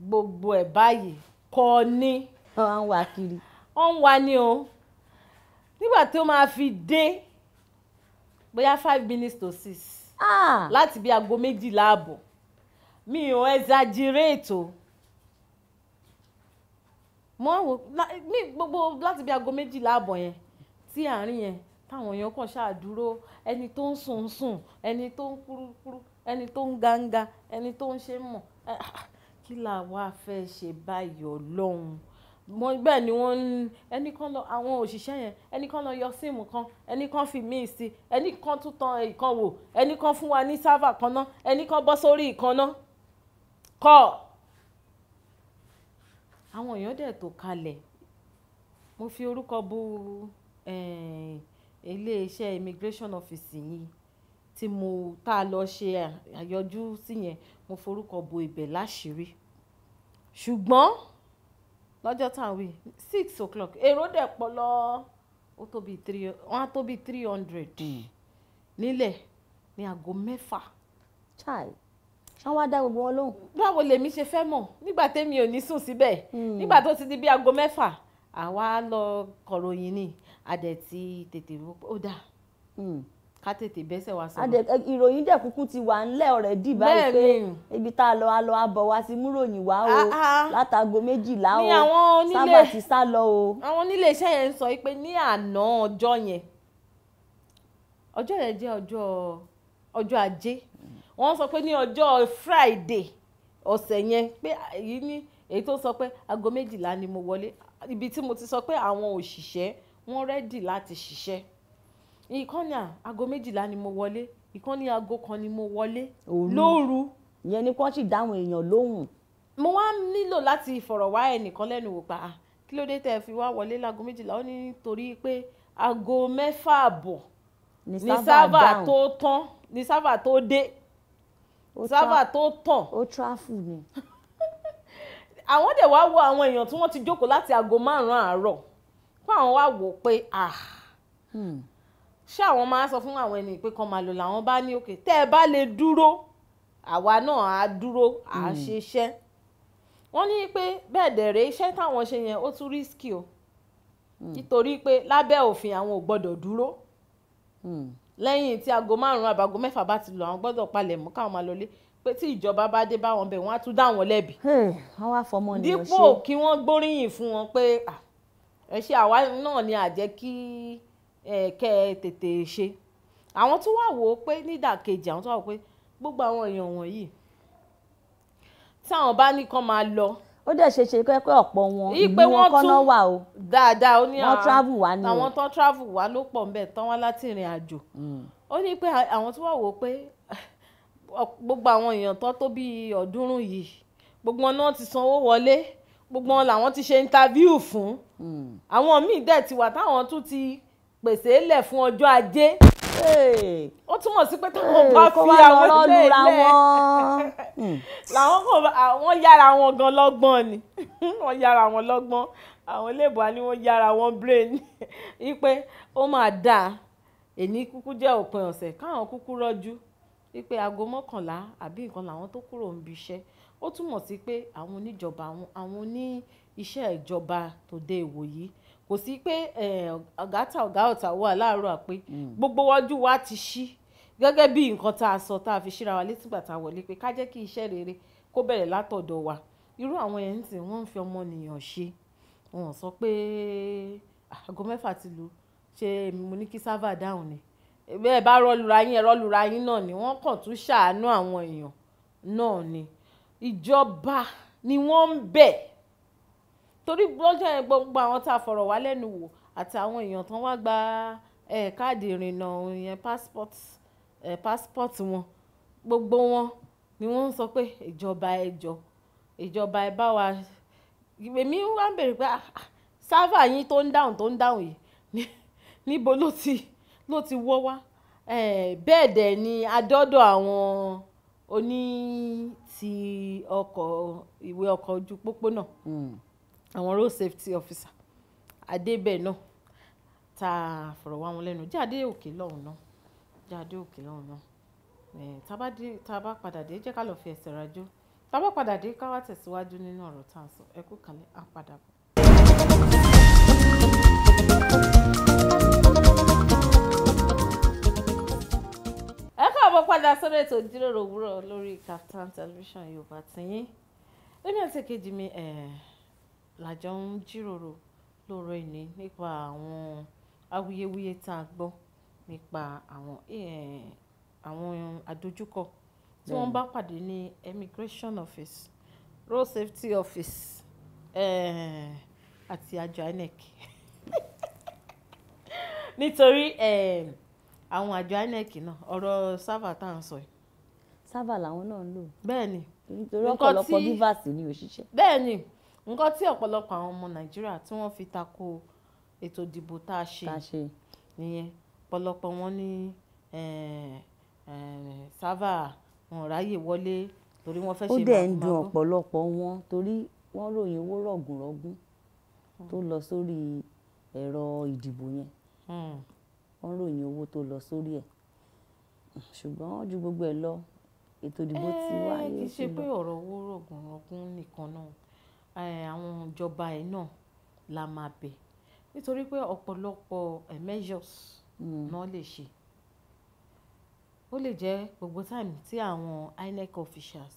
gbogbo ẹ̀ báyìí kọ́ ni. wọ́n ń wá kiri. wọ́n ń wá ni o nígbà tó máa fi dé bóyá five minutes to six. Ah. láti bí aago méjìlá ààbọ̀ mi ò exaggerate o mo ń wò ní gbogbo láti bí aago méjìlá àbọ̀ yẹn tí àárín yẹn táwọn èèyàn kàn ṣáà dúró ẹni tó ń sùn ń sùn ẹni tó ń kúrúkúrú ẹni tó ń ganga ẹni tó ń ṣe mọ̀ ah, ah, ah, kí làwa fẹ́ ṣe báyìí ọlọ́run mo bẹ́ẹ̀ ni wọ́n ń ẹni kan lọ àwọn òṣìṣẹ́ yẹn ẹni kan lọ yọ síìmù kan ẹni kan fi míì sí ẹni kan tún tan ìkan wò ẹni kan fún wa ní sáfà kan náà ẹni kan bọ́ sórí ìkan náà kọ́ọ̀ àwọn èèyàn dẹ̀ tó kalẹ̀ mo fi orúkọ bo ilé-iṣẹ́ immigration office yìí tí mo tá a lọ ṣe àyọjú sí yẹn mo forúkọ bo ibẹ̀ láṣìírí ṣùgbọ́n lọ́jọ́ tá à ń wí six o'clock èrò dẹ̀ pọ̀ lọ ó tóbi three wọ́n á tóbi three hundred hmm. nílẹ̀ ní aago mẹ́fà child wọ́n wá dá gbogbo wọn lóhùn. báwo lèmi ṣe fẹ́ mọ̀ nígbà tẹ́mi ò ní sùn síbẹ̀ hmm. nígbà tó ti di bí aago mẹ́fà àwa lọ kọ̀ròyìn ni adẹ̀ ti tètè ó dà hmm. ká tètè bẹ́sẹ̀ wá sọ. ìròyìn dẹ̀ kúkú ti wà ńlẹ̀ ọ̀rẹ́ dì báyìí pé ibi tá a lọ a lọ a bọ̀ sí múròyìn wá o ah, ah. látago méjìlá o sábà ti sá lọ o. àwọn onílé iṣẹ́ yẹn ń sọ pé ní àná ọjọ́ yẹn ọjọ́ yẹn jẹ́ ọjọ́ ọjọ́ ajé wọ́n sọ pé ní ọjọ́ friday ọ̀sẹ̀ yẹn pé èyí ní èyí tó sọ pé aago méjìlá ni mo wọlé ibi tí mo ti sọ pé àwọn òṣìṣẹ́ wọ́n rẹ́dì láti ṣiṣẹ́ ìkànnì aago méjìlá ni mo wọlé ìkànnì aago kan ni mo wọlé lóru ìyẹn ni kò sì dáhùn èèyàn lóhùn. mo wá nílò láti fọ̀rọ̀wá ẹnìkan lẹ́nu wò pa kí ló dé tẹ́ ẹ fi wá wọlé láago méjìlá ó ní nítorí pé aago mẹ́fà àbọ̀ ni sábà tó tán ni sábà tó dé sábà tó tàn. ó tráfù ni. àwọn dẹ̀ wá wo àwọn èèyàn tí wọ́n ti jókòó láti aago márùn-ún àárọ̀ fún àwọn wá wò ó pé ah hmm. ṣé àwọn máa sọ fún àwọn ẹni pé kan máa lò làwọn bá ní òkè tẹ́ ẹ bá lè dúró àwa náà á dúró à á hmm. ṣiṣẹ́ wọ́n ní pé bẹ́ẹ̀ dẹ̀rẹ̀ iṣẹ́ táwọn ṣe yẹn ó tún rísíkì o hmm. nítorí pé lábẹ́ òfin àwọn ò gbọ́dọ̀ dúró lẹ́yìn tí aago márùn-ún àbágo mẹ́fà bá ti lọ àwọn gbọ́dọ̀ palẹ̀ mọ́ káwọn máa lọlé pé tí ìjọba bá dé bá wọn bẹ̀ wọ́n á tún dá wọn lẹ́bi. Hmm, wọ́n wá fọmọ ní ọṣẹ dípò kí wọ́n gbóríyìn fún wọn pé ẹ ṣe àwa náà ni àjẹ́ kí kẹ́ tètè ṣe àwọn tó wà wò ó pé nídàkejì àwọn tó wà wò ó pé gbogbo àwọn èèyàn wọ̀nyí táwọn bá ní kán máa lọ ó dẹ̀ ṣe ṣe pé ọ̀pọ̀ wọn ìlú wọn kọ́nà wà o dáadáa ó ní àwọn travel wá ni o àwọn tán travel wá ló pọ̀ nbẹ̀ tán wá láti ìrìn àjò mm. ó ní pé àwọn tó wà wò pé gbogbo àwọn èèyàn tán tó bí ọ̀ọ́dúnrún yìí gbogbo wọn náà ti sanwó wọlé gbogbo wọn làwọn ti ṣe interview fún mm. àwọn míì dẹ̀ ti wà táwọn tún ti pèsè lẹ̀ fún ọjọ́ ajé ó túmọ̀ sí pé táwọn bá fi àwọn ilé ilẹ̀ hmm. làwọn kò àwọn yára wọn gan lọ́gbọ́n ni wọ́n yára wọn lọ́gbọ́n àwọn iléèbó ni wọ́n yára wọn brain wípé ó máa dáa èní kúkú jẹ́ òpin ọ̀sẹ̀ káwọn kúkú rọ́jú wípé aago mọ́kànlá àbí nǹkan làwọn tó kúrò ń biṣẹ́ ó túmọ̀ sí pé àwọn oníjọba àwọn oní iṣẹ́ ìjọba tòde ìwòyí kò sí pé eh, ọ̀gá ta ọ̀gá ọ̀tá wà láàárọ̀ àpé hmm. gbogbo wájú wa ti ṣí gẹ́gẹ́ bí nǹkan tá a sọ tá a fi ṣíra wa létí gbà a wọlé pé ká jẹ́ kí iṣẹ́ rere kó bẹ̀rẹ̀ látọ̀dọ̀ wa irú àwọn yẹn tí wọ́n ń fi ọmọnìyàn ṣe wọ́n sọ pé ah, aago mẹ́fà ti lù ṣe mo ní kí sáfà dáhùn ni bẹ́ẹ̀ bá rọ́lura yín rọ́lura yín náà ni wọ́n kàn tún ṣàánú àwọn èèyàn náà ni ìjọba ni wọ́n ń bẹ̀ torí lọ́jọ́ yẹn gbogbo àwọn tá a fọ̀rọ̀ wá lẹ́nu wò àtàwọn èèyàn tán wá gba káàdì ìrìnnà yẹn passport passport wọn gbogbo wọn ni wọ́n ń sọ pé ìjọba ẹ jọ ìjọba ẹ bá wa èmi wá ń bèrè pé ah, ah, sáfà yín tó ń dáhùn tó ń dáhùn yìí níbo ló ti ló ti wọ́ wá bẹ́ẹ̀ dẹ̀ ni adọ́dọ̀ àwọn oní ti ọkọ̀ ìwé ọkọ̀ ojú pópó náà. Hmm. àwọn road safety officer adébẹ̀ náà ta a fọ̀rọ̀ wá wọn lẹ́nu jáde òkè lọ́hùn náà jáde òkè lọ́hùn náà tá a bá padà dé jẹ́ ká lọ́ọ́ fi ẹsẹ̀ rajó tá bá padà dé ká wá tẹ̀síwájú nínú ọ̀rọ̀ tá a sọ ẹ kú kalẹ̀ á padà bọ̀. ẹ káàbọ̀ padà sọ́dọ̀ ètò ìjíròrò òwúrọ̀ lórí Kaftan television yorùbá tiyín èmi àti èkejì mi la jọ ń jíròrò lóru ení nípa àwọn awuyewuye tá a gbọ́ nípa àwọn, àwọn àdojúkọ tí wọ́n bá pàdé ní Immigration Office, Road Safety Office, eh, àti àjọ INEC. Nítorí eh, àwọn àjọ INEC náà ọ̀rọ̀ sáfà tá à ń sọ yìí. Sáfà làwọn náà ń lò. Bẹ́ẹ̀ni. Nítorí ọ̀pọ̀lọpọ̀ bíbáàsì ni òṣìṣẹ́. Bẹ́ẹ̀ni nǹkan tí ọ̀pọ̀lọpọ̀ àwọn ọmọ nàìjíríà tí wọ́n fi tako ètò ìdìbò tá a ṣe nìyẹn ọ̀pọ̀lọpọ̀ wọn ní sáfà wọn ráyè wọlé torí wọ́n fẹ́ ṣe máa ó dẹ̀ ń dùn ọ̀pọ̀lọpọ̀ wọn torí wọ́n ròyìn owó rọ̀gùnrọ̀gùn tó hmm. lọ sórí ẹ̀rọ ìdìbò yẹn hmm. wọ́n ròyìn owó tó lọ sórí ẹ̀ ṣùgbọ́n ju gbogbo ẹ̀ lọ ètò ìdìbò ti eh, wáyé. ẹ kì í ṣe pé ọ̀rọ̀ owó rọ̀gùnrọ̀gùn nìkan náà àwọn ìjọba ẹ̀ náà la máa bẹ̀ nítorí pé ọ̀pọ̀lọpọ̀ measures hmm. náà lè ṣe ó lè jẹ́ gbogbo time tí àwọn INEC officials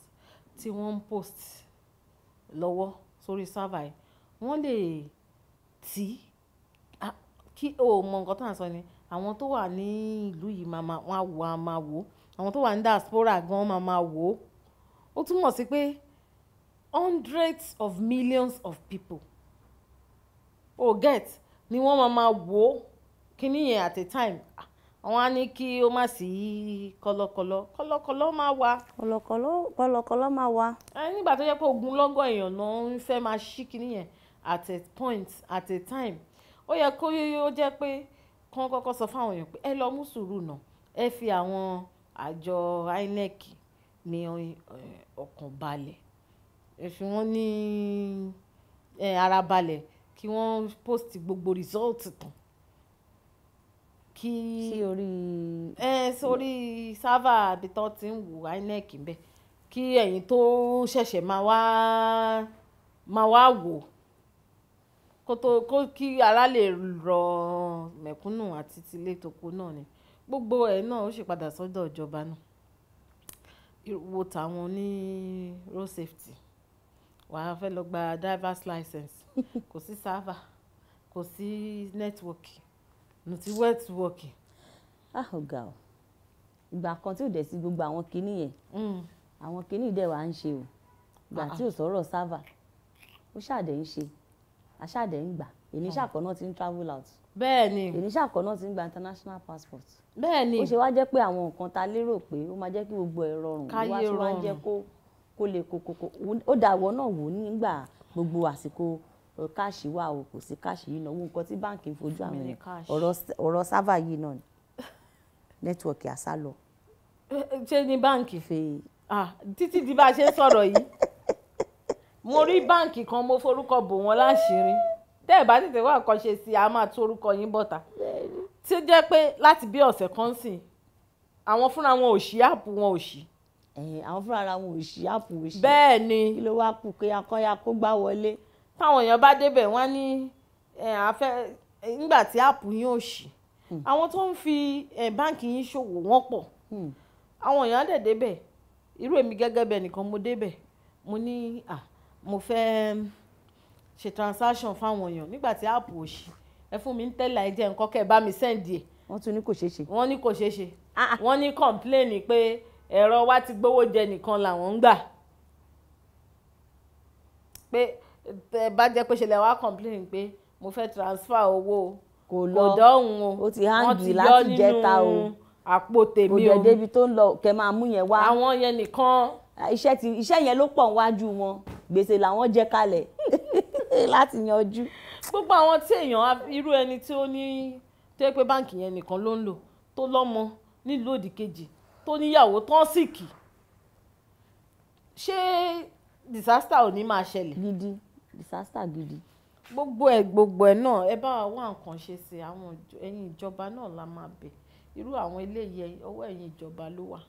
tí wọ́n ń post lọ́wọ́ sórí server yìí wọ́n lè tí kí o mọ nǹkan tó à ń sọ ni àwọn tó wà ní ìlú yìí máa máa wò àwọn tó wà ní diaspora gan máa máa wò ó túmọ̀ sí pé hundreds of millions of people o get ni wọ́n máa ma wò ó yẹn at a time àwọn á ní kí ó má sí kọlọkọlọ kọlọkọlọ máa wà. kọlọkọlọ kọlọkọlọ máa wà. ẹ nígbà tó yẹ pé ogun èèyàn náà ń fẹ́ máa ṣí kíní yẹn at a point at a time ó yẹ kó ó jẹ́ pé kán kọ́kọ́ sọ fáwọn èèyàn pé ẹ lọ mú sùúrù náà ẹ fi àwọn àjọ INEC ní ọkàn balẹ̀ fi wọ́n ní eh, ara balẹ̀ kí wọ́n post gbogbo result tán kí sí orí ẹ sórí sáfà àbí tó ti ń wù INEC ń bẹ kí ẹ̀yin tó ṣẹ̀ṣẹ̀ máa wá máa wá wò kó tó kó kí ara lè rọ mẹ̀kúnnù àti tilé toko náà ni gbogbo ẹ̀ náà ó sì padà sọ́dọ̀ ìjọba náà wo tàwọn ní road safety wàá fẹ́ lọ gba driver's license kò sí server kò sí networking nù ti networking. a ah, ò ga ọ ìgbà kan tí ò dẹ̀ sí gbogbo àwọn kinní yẹn hmm. àwọn kinní dẹ̀ wá ń ṣe o ìgbà tí ah, ah. ò sọ̀rọ̀ server ó ṣàdẹ̀ ń ṣe àṣàdẹ̀ ń gbà èmi hmm. ṣàkọ́ náà ti ń travel out. bẹ́ẹ̀ni èmi ṣàkọ́ náà ti ń gba international passport. bẹ́ẹ̀ni ó ṣe wá jẹ́ pé àwọn nǹkan ta lérò pé ó máa jẹ́ kí gbogbo ẹ̀ rọrùn wá sí wá jẹ́ kó kó lè koko, ó dà wọ́n náà wò nígbà gbogbo àsìkò káàṣì wà o kò sí káàṣì yìí náà owó nǹkan tí báǹkì ń fojú àwọn èèyàn ọ̀rọ̀ sáfà yìí náà ni nẹ́tíwọ̀kì àṣà lọ. ṣé ní báǹkì títí di bá a ṣe sọ̀rọ̀ yìí mo rí báǹkì kan mo forúkọ bò wọ́n láṣìírí tẹ́ ẹ̀ bá tètè wá nǹkan ṣe sí i a máa tó yín bọ̀tà tí ó jẹ́ pé láti bí ọ̀sẹ̀ kan sìn àwọn fúnra wọn ò ṣí áàpù wọn ò ṣí àwọn fúnra ara wọn ò ṣí àpò òṣì bẹ́ẹ̀ ni kí ló wá kù pé akọ́yà kó gbá wọlé. táwọn èèyàn bá débẹ̀ wọ́n ní nígbà tí àpò yín ò ṣí hmm. àwọn tó ń fi báǹkì yín ṣòwò wọ́n pọ̀ hmm. àwọn èèyàn dẹ̀ débẹ̀ irú èmi gẹ́gẹ́ bẹ́ẹ̀ nìkan mo débẹ̀ mo ní à mo fẹ́ hm, ṣe transaction fáwọn èèyàn nígbà tí àpò ò ṣí ẹ fún mi ń tẹ́lẹ̀ ẹ jẹ́ nǹkan kẹ́ ẹ bá mi sẹ́ǹdì ẹ̀. wọ́n tún ní kò ṣeé ṣe. wọ́n ní kò ṣeé ṣe ah, ah. wọ́n ní kọ̀ǹpléènì pé ẹ̀rọ wa ti gbówó jẹ nìkan làwọn ń gbà pé tẹ bá jẹ́ pé ṣẹlẹ̀ wá complain pé mo fẹ́ transfer owó kò lọ dọ̀hún o ó ti hangi láti jẹta o àpò tèmi o kò jẹ débi tó ń lọ kẹ máa mú yẹn wá àwọn yẹn nìkan iṣẹ́ ti iṣẹ́ yẹn ló pọ̀ níwájú wọn gbèsè làwọn jẹ kalẹ̀ láti yanjú. gbogbo àwọn tí èèyàn irú ẹni tí ó ní tó yẹ pé báǹkì yẹn nìkan ló ń lò tó lọ́mọ nílùú òdìkejì tó níyàwó tán síkì ṣé disaster ò ní máa ṣẹlẹ̀. gidi disaster gidi. gbogbo ẹ gbogbo ẹ náà ẹ bá wá nǹkan ṣe sí àwọn ẹ̀yin ìjọba náà la máa bẹ̀ irú àwọn eléyìí ọwọ́ ẹ̀yin ìjọba ló wà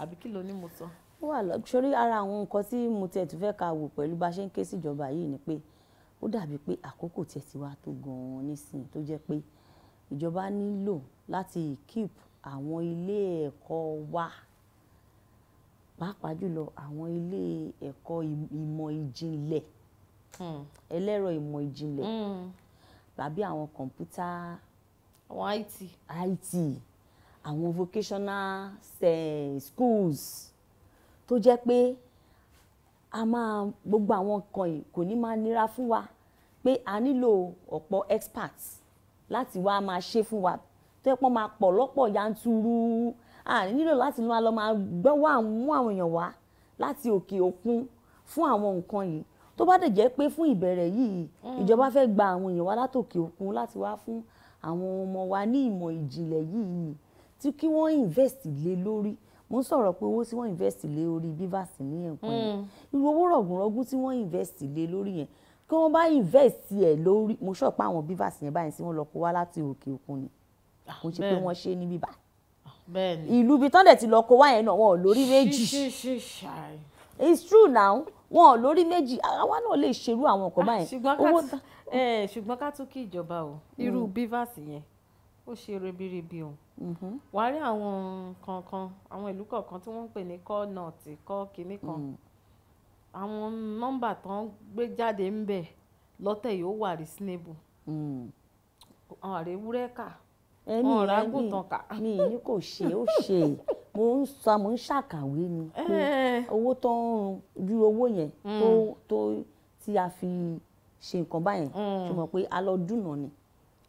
àbí kí ló ní mo sọ. ó wà lọ ara àwọn nǹkan tí mo tiẹ̀ tún fẹ́ ka wò pẹ̀lú bá a ṣe ń ké síjọba yìí ni pé ó dàbí pé àkókò tiẹ̀ ti wá tó gan-an nísìnyí tó jẹ́ pé ìjọba nílò láti keep àwọn ilé ẹ̀kọ́ wa pàápàá jùlọ àwọn ilé ẹ̀kọ́ ìmọ̀ ìjìnlẹ̀ hmm. ẹlẹ́rọ ìmọ̀ ìjìnlẹ̀ hmm. tàbí àwọn kọ̀ǹpútà IT IT àwọn vocational schools tó jẹ́ pé a máa gbogbo àwọn nǹkan yìí kò ní máa nira fún wa pé a nílò ọ̀pọ̀ experts láti wá máa ṣe fún wa tó yẹ pọ́n máa pọ̀ lọ́pọ̀ yanturu a nílò láti máa lọ máa gbọ́wọ́ àwọn mú àwọn èèyàn wá láti òkè òkun fún àwọn nǹkan yìí tó bá dẹ̀ jẹ́ pé fún ìbẹ̀rẹ̀ yìí mm. ìjọba fẹ́ gba àwọn èèyàn wá látòkè òkun láti wá fún àwọn ọmọ wa ní ìmọ̀ ìjìnlẹ̀ yìí tí kí wọ́n invest lé lórí mo ń sọ̀rọ̀ pé owó tí wọ́n invest lé orí bivas ní ẹ̀kọ́ yẹn mm. irú owó rọ̀gùnrọ̀gùn tí wọ́n invest lé lórí yẹn kí wọ́n bá invest ẹ̀ lórí mo sọ pé àwọn bivas yẹn báyìí tí wọ́n lọ kó wá láti òkè òkun ni Ah, kò ṣe pé wọ́n ṣe ní bíbá ah, ìlú ibi tán dẹ̀ ti lọ kó wá yẹn náà wọn ò lórí méjì it's true now wọn ò lórí méjì àwa náà lè ṣerú àwọn nǹkan ah, báyẹn. ṣùgbọ́n ká tún kí ìjọba o irú hmm. bivas yẹn ó ṣe rebiribi o mm-hmm. wà á rí àwọn kankan àwọn ìlú kọ̀ọ̀kan tí wọ́n ń pè ní kọ́ nọ̀ọ̀tì kọ́ kínní kan hmm. àwọn nọ́mbà tó ń gbé jáde ń bẹ̀ lọ́tẹ̀ yìí wà reasonable hmm. àwọn àrèwúrẹ́ kà ẹni ẹni mi ni kò ṣe ó ṣe mo ń sa mo ń ṣàkàwé ni pé owó tó ń ju owó yẹn mm. tó tó tí a fi ṣe nǹkan báyẹn mm. ṣùgbọ́n pé a lọ dúnà ni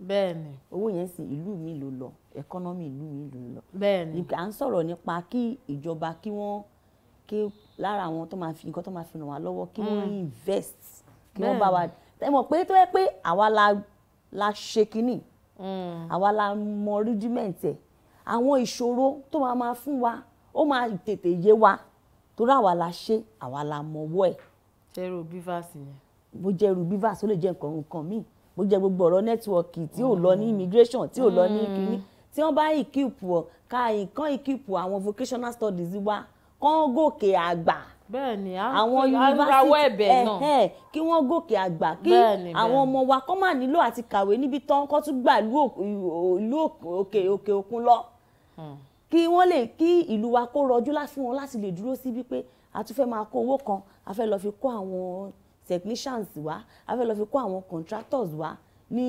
bẹ́ẹ̀ni owó yẹn sì ìlú mi ló lọ ẹkọnọmì ìlú mi ló lọ bẹ́ẹ̀ni à ń sọ̀rọ̀ nípa kí ìjọba kí wọ́n kí lára àwọn tó máa fi nǹkan tó máa fi ràn wá lọ́wọ́ kí wọ́n mm. invest kí wọ́n bá wa ẹ mọ̀ pé tó yẹ pé àwa la la ṣe kínní Mm. àwa la mọ rudiment ẹ̀ àwọn ìṣòro tó máa máa fún wa ó máa tètè yé wa torí àwa la ṣe àwa la mọwọ́ ẹ̀. ṣẹ́rù bivas yẹn. bó jẹ́ ru bivas ó lè jẹ́ nǹkan nǹkan míì bó jẹ́ gbogbo ọ̀rọ̀ nẹ́tíwọ̀kì tí ò lọ ní mm. immigration tí ò lọ ní mm. kínní tí wọ́n bá ìkíìpù ọ̀ ká nǹkan ìkíìpù àwọn vocational studies wa kán gòkè àgbà bẹ́ẹ̀ni àwọn yunifásitì ẹ ẹ kí wọ́n gòkè àgbà kí àwọn ọmọ wa kọ́ máa nílò àti kàwé níbi tán kọ́ tún gbà ìlú òkè òkè òkun lọ hmm. kí wọ́n lè kí ìlú wa kó rọjú fún wọn láti lè dúró sí wípé a tún fẹ́ máa kó owó kan a fẹ́ lọ́ọ́ fi kó àwọn technicians wá a fẹ́ lọ́ọ́ fi kó àwọn contractors wa ní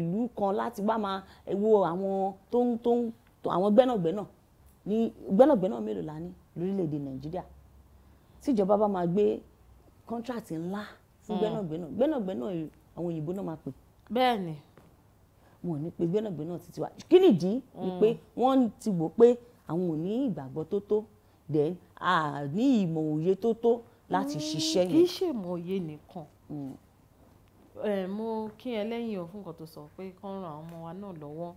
ìlú kan láti wá máa wo àwọn tó ń tó ń àwọn gbẹ́nàgbẹ́nà ní gbẹ́nàgbẹ́nà mélòó la ní lórílẹ̀‐èdè Nàìjíríà tíjọba bá máa gbé contract ńlá fún mm. gbẹ́nàgbẹ́nà gbẹ́nàgbẹ́nà àwọn òyìnbó náà máa pè. bẹ́ẹ̀ni. wọn ò ní pe gbẹ́nàgbẹ́nà títí wa kí nìdí ni mm. pé wọ́n ti wò pé àwọn ò ní ìgbàgbọ́ tó tó then a ní ìmọ̀ òye tó tó láti mm, ṣiṣẹ́ yẹn. kì í ṣe ìmọ̀ òye nìkan mo kí ẹ lẹ́yìn o fún nǹkan tó sọ pé kán ran àwọn ọmọ wa náà lọ́wọ́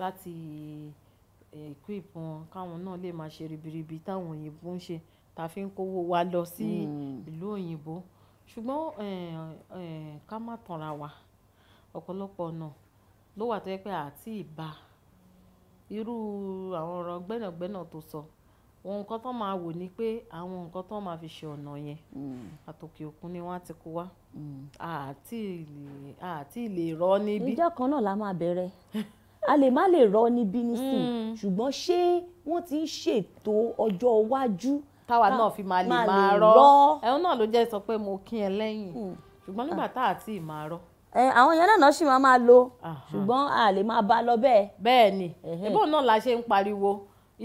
láti eh, equip wọn káwọn náà lè máa ṣe ribiribi táwọn òyìnbó ń ṣe tá a fi ń kówó wa lọ sí hmm. ìlú òyìnbó ṣùgbọ́n eh, eh, ká má tanra wa ọ̀pọ̀lọpọ̀ ọ̀nà ló wà tó yẹ pé àti ìbá irú àwọn ọ̀rọ̀ gbẹ́nàgbẹ́nà tó sọ wọn nǹkan tó máa wò ni pé àwọn nǹkan tó máa fi ṣe ọ̀nà yẹn hmm. àtòkè òkun ni wọ́n ti kó wá àti hmm. lè rọ́ níbí. níjọ́ kan náà la máa bẹ̀rẹ̀ a lè má lè rọ́ níbí nísìn ṣùgbọ́n ṣé wọ́n ti ń ṣètò ọjọ́ iwájú táwa náà fi máa lè máa rọ ẹ̀hún náà ló jẹ́ sọ pé mo kí ẹ lẹ́yìn hmm. ṣùgbọ́n nígbà ah. tá a ti máa rọ. àwọn yẹn náà ṣì máa máa lo ṣùgbọ́n a lè máa bá lọ bẹ́ẹ̀. bẹ́ẹ̀ ni ìbọn náà la ṣe ń pariwo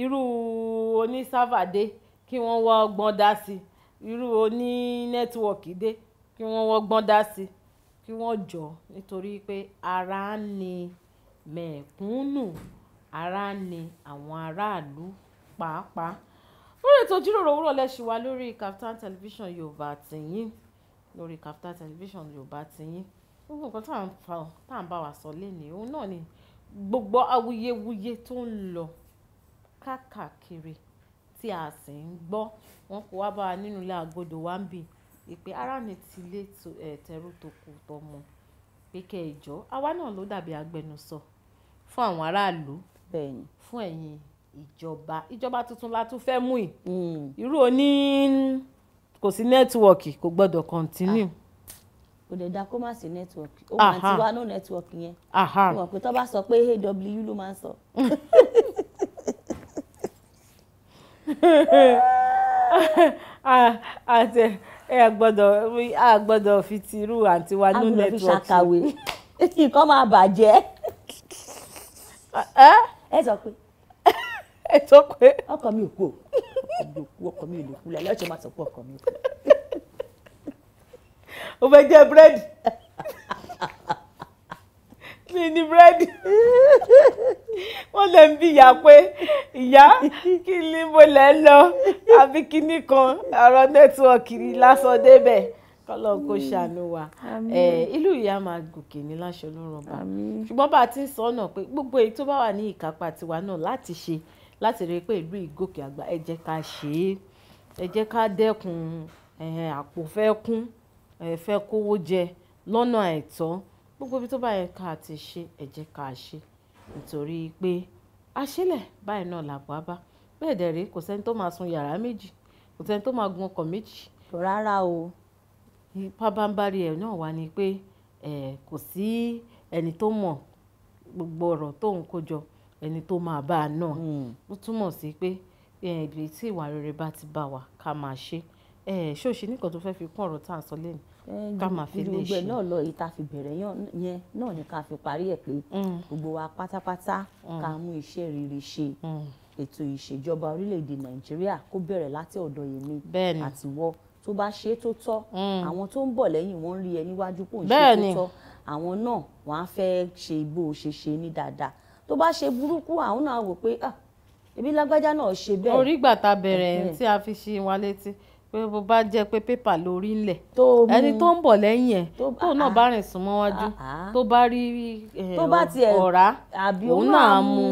irú onísàfàdé kí wọ́n wọ́ ọgbọ́n dá sí irú oní nẹ́tíwọ̀kì dé kí wọ́n wọ́ ọgbọ́n dá sí kí wọ́n jọ nítorí pé ara ń ni mẹ̀kúnnù ara ń ni àwọn aráàlú pàápàá lórí ètò ìjíròrò òwúrọ̀ lẹ́sì wa lórí Kaftan television yorùbá tìyín lórí Kaftan television yorùbá tìyín gbogbo nǹkan tá à ń bá wa sọ lénìí òun náà ni gbogbo awuyewuye tó ń lọ káàkiri tí a sì ń gbọ́ wọn kò wá bá wa nínú ilé àgọ́dọ̀ wa ń bì ìpè ara ní tilé tẹrú tó kù tọmọ pé kẹ́ ẹ jọ àwa náà ló dàbí agbẹnusọ fún àwọn aráàlú fún ẹ̀yin ìjọba ìjọba tuntun la tún fẹ́ mú yìí hmm. irú oní kò sí nẹ́tíwọ̀kì kò gbọ́dọ̀ continue. Ah, kò dẹ̀ da kó má sí nẹ́tíwọ̀kì ó máa ti wá no nẹ́tíwọ̀kì yẹn ó mọ̀ pé tó bá sọ pé aw ló máa ń sọ. àti ẹ gbọ́dọ̀ a gbọ́dọ̀ fi ti irú àǹtí wa no nẹ́tíwọ̀kì. a gbọ́dọ̀ fi ṣàkàwé kí nǹkan máa bàjẹ́ ẹ sọ pé ẹ sọ pé. ọkọ mi ò kú o ọkọ mi ò lè kú lálẹ́ ọ̀sẹ̀ máa sọ pé ọkọ mi ò kú. o fẹ́ jẹ búrẹ́dì mi ni búrẹ́dì wọ́n lè ń bí ìyá pé ìyá kí ni mo lè lọ àbí kíní kan ọ̀rọ̀ nẹ́tíwọ̀kì lásán débẹ̀ kọlọ́n kò ṣàánú wa ìlú ìyá máa gòkè ní láṣọ ló rọba ṣùgbọ́n bá a ti ń sọ ọ́nà pé gbogbo èyí tó bá wà ní ìkápá tiwa náà láti ṣe láti rí i pé ìlú ìgòkè àgbà ẹ jẹ́ ká ṣe é ẹ jẹ́ ká dẹ́kun àpò fẹ́ kún fẹ́ kówó jẹ lọ́nà àìtọ́ gbogbo ibi tó bá yẹ ká ti ṣe ẹ jẹ́ ká ṣe nítorí pé àṣìlẹ̀ báyìí náà làbọ̀ á bá bẹ́ẹ̀ dẹ̀ rí kò sẹ́ni tó máa sun yàrá méjì kò sẹ́ni tó máa gun ọkọ̀ méjì. rárá o. pabambari ẹ̀ náà wà ní pé kò sí ẹni tó mọ̀ gbogbo ọ̀rọ̀ tóun kó jọ ẹni tó máa bá a náà hmm. ó túmọ̀ sí pé ibi tí ìwà rere bá ti bá wa ká máa ṣe é ṣé o ṣe nìkan tó fẹ́ fi kún ọ̀rọ̀ tá à ń sọ lẹ́nu ká máa fi lè ṣe. ìlúgbẹ́ náà lọ ìta fi bẹ̀rẹ̀ yẹn náà ni ká fi parí ẹ̀ pé hmm. gbogbo wa pátápátá hmm. ká mú iṣẹ́ rere ṣe ètò ìṣèjọba orílẹ̀-èdè nàìjíríà kó bẹ̀rẹ̀ láti ọ̀dọ̀ èmi àtiwọ́ tó bá ṣe tó tọ́ àwọn tó ń bọ̀ lẹ́yìn wọn ń rí ẹ níwájú kò ń ṣe tó tọ́ àwọn náà wọ́n á fẹ́ ṣe bó o ní dáadáa tó bá ṣe burúkú àwọn náà wò pé ah ebi lágbájá náà ṣe bẹ́ẹ̀. orí ìgbà tá bẹ̀rẹ̀ tí a fi ṣe wa létí pé bó bá jẹ́ pé pépà lórí ńlẹ̀ ẹni tó ń bọ̀ lẹ́yìn ẹ̀ tó náà ah, bá rìn sún mọ́wájú ah, ah. tó bá rí eh, ọ̀rá òun náà mú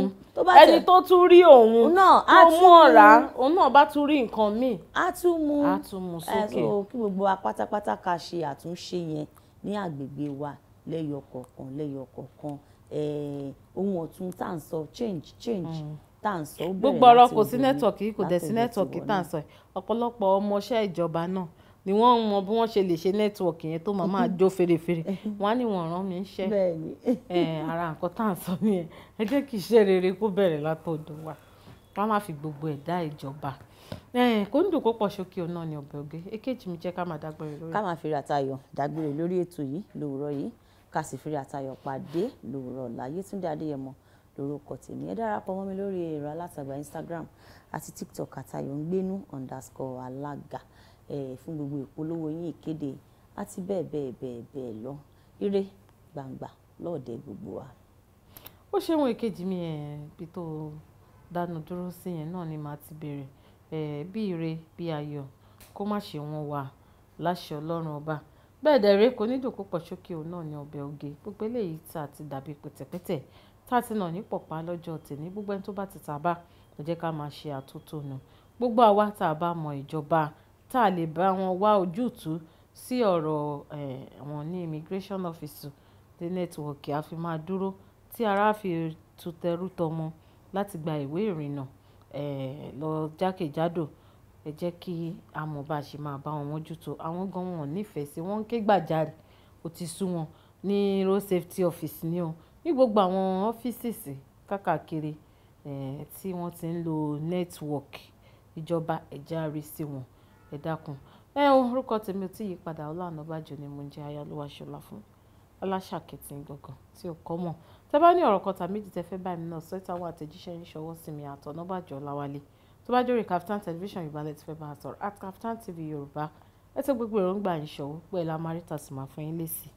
ẹni tó tún rí òun tó mú ọ̀rá òun náà bá tún rí nǹkan míì á tún mú á tún mú kí gbogbo wa pátápátá ká ṣe àtúnṣe yẹn ní àgbègbè wa lẹ́yọ kọ̀ọ̀kan lẹ́yọ kọ̀ọ̀kan Eh, ohun ọ̀tun tá à ń sọ change change mm. tá à ń sọ ó bẹ̀rẹ̀ láti obìnrin gbogbo ọ̀rọ̀ kò sí nẹ́tọ̀ọ̀kì kò dẹ̀ sí nẹ́tọ̀ọ̀kì tá à ń sọ ọ̀pọ̀lọpọ̀ ọmọọṣẹ́ ìjọba náà ni wọ́n mọ bí wọ́n ṣe lè ṣe nẹ́tíwọ̀kì yẹn tó máa máa jó fèrèfèrè wọ́n á ní wọ́n rán mi iṣẹ́ eh, ara nǹkan tá à ń sọ nìyẹn ẹ jẹ́ kí iṣẹ́ rere kó bẹ̀rẹ̀ látọ̀dọ̀ wa ká má fi gbogbo ẹ̀dá ìjọba eh, kó ń dùn kó pọ̀ sókè ọ̀nà ni ọ̀bẹ̀ ògé èkejì mi jẹ́ ká máa dágbére lórí. ká máa fi ràtayọ̀ dágbére lórí ètò yìí lówùrọ̀ yìí kásìfìrí àtayọ̀ pàdé lòrọ̀ láyé túndé adéyẹmọ lórúkọ tèmi ẹ darapọ̀ mọ́ mi lórí ẹ̀rọ alátagbà instagram àti tiktok àtayọ̀ngbénú underscore alága ẹ̀ fún gbogbo ìpolówó yín ìkéde àti bẹ́ẹ̀ bẹ́ẹ̀ bẹ́ẹ̀ bẹ́ẹ̀ lọ ire gbangba lọ́ọ̀dẹ gbogbo wa. ó ṣeun èkejì mi ẹ̀ bí tó dánu dúró sí yẹn náà ni màá ti bẹ̀rẹ̀ ẹ̀ bí ire bí ayọ̀ kó má ṣe wọn wà láṣẹ ọlọ́run ọba bẹ́ẹ̀ dẹ̀ rẹ́ kò ní dùn púpọ̀ ṣókè òun náà ní ọbẹ̀ oge gbogbo eléyìí tá a ti dàbí pẹ̀tẹ̀pẹ̀tẹ̀ tá a ti nà ní pọ̀pá lọ́jọ́ tèmi gbogbo ẹni tó bá ti tà bá ẹ jẹ́ ká máa ṣe àtúntò nù gbogbo àwa tá a bá mọ ìjọba tá a lè bá wọn wá ojútùú sí ọ̀rọ̀ wọn ní immigration office the network a fi máa dúró tí ara fi tutẹrú tọmọ láti gba ìwé ìrìnnà lọ jákèjádò ẹ jẹ́ kí a mọ̀ bá a ṣe máa bá wọn mójútó àwọn gan wọn nífẹ̀ẹ́ sí wọn ké gbàjarè ó ti sú wọn ní road safety office ni o ní gbogbo àwọn ọ́fíìsì káàkiri tí wọ́n ti ń lo network ìjọba ẹ̀já rí sí wọn ẹ dákun ẹ o orúkọ tèmi tí yí padà Ọlánàbájọ ni mo ń jẹ ayálúwa ṣọlá fún aláṣàkẹtì gangan tí ò kọ́ mọ̀ tẹ́ bá ní ọ̀rọ̀ kan tàbí méjì tẹ́ fẹ́ báyìí náà sọ́tà wà àtẹ̀jíṣẹ́ ń ṣọwọ́ sí mi àtọ̀nàbàjọ́ ọláwálé 0244 tó bá jórí Kaftan television yorùbá lẹ́tí fẹ́ bá sọ̀rọ̀ at Kaftan TV yorùbá ẹ tó gbogbo èròǹgbà ìṣòwò pẹ̀lú amárítà sì máa fún yín lésì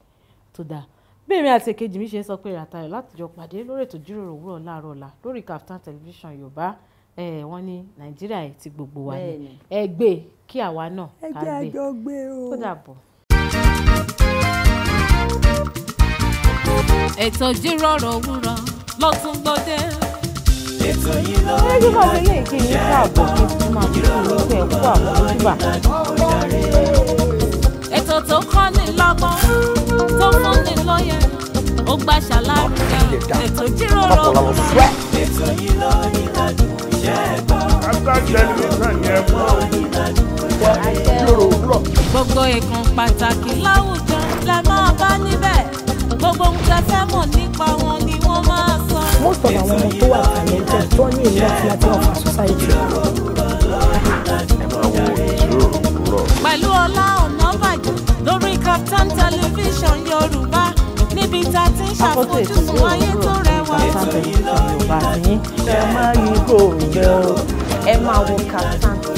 tó dáa bí èmi àti èkejì mi ṣe ń sọ pé ìràtayọ̀ látijọ́ pàdé lórí ètò ìjíròrò òwúrọ̀ láàárọ̀ ọ̀la lórí Kaftan television yorùbá wọ́n ní nàìjíríà yìí ti gbogbo wa ni ẹ gbé kí àwa náà ká gbé ẹ tó dàbọ̀. òwúrọ̀ ló tún ètò yìí lọ rí ọjọ́ ìṣẹ́ ẹ̀gbọ́n ìrọ̀rùn ìrọ̀rùn ìdájọ́ ètò tó kọ́ ni lọ́gbọ́n tó fún ni lóye ó gba ṣàlàyé ètò jíròrò òwúrọ̀. ètò yìí lọ ní ìdájọ́ ìṣẹ́ ẹ̀gbọ́n ìrọ̀rùn ìdájọ́ òwúrọ̀. gbogbo ìkan pàtàkì láwùjọ la máa bá níbẹ̀ gbogbo ohun tẹ́ fẹ́ mọ̀ nípa wọn ni wọ́n máa most of àwọn ọmọ tó wà talented tó ní ìlú àti àti ọ̀fà society. pẹ̀lú Ọlá Ọ̀nàbàjọ lórí Kaftan television Yorùbá níbi tá a ti ń ṣàfojúsùn ayé tó rẹwà. ẹ máa yí kò ń jẹ́ o ẹ máa wo Kaftan.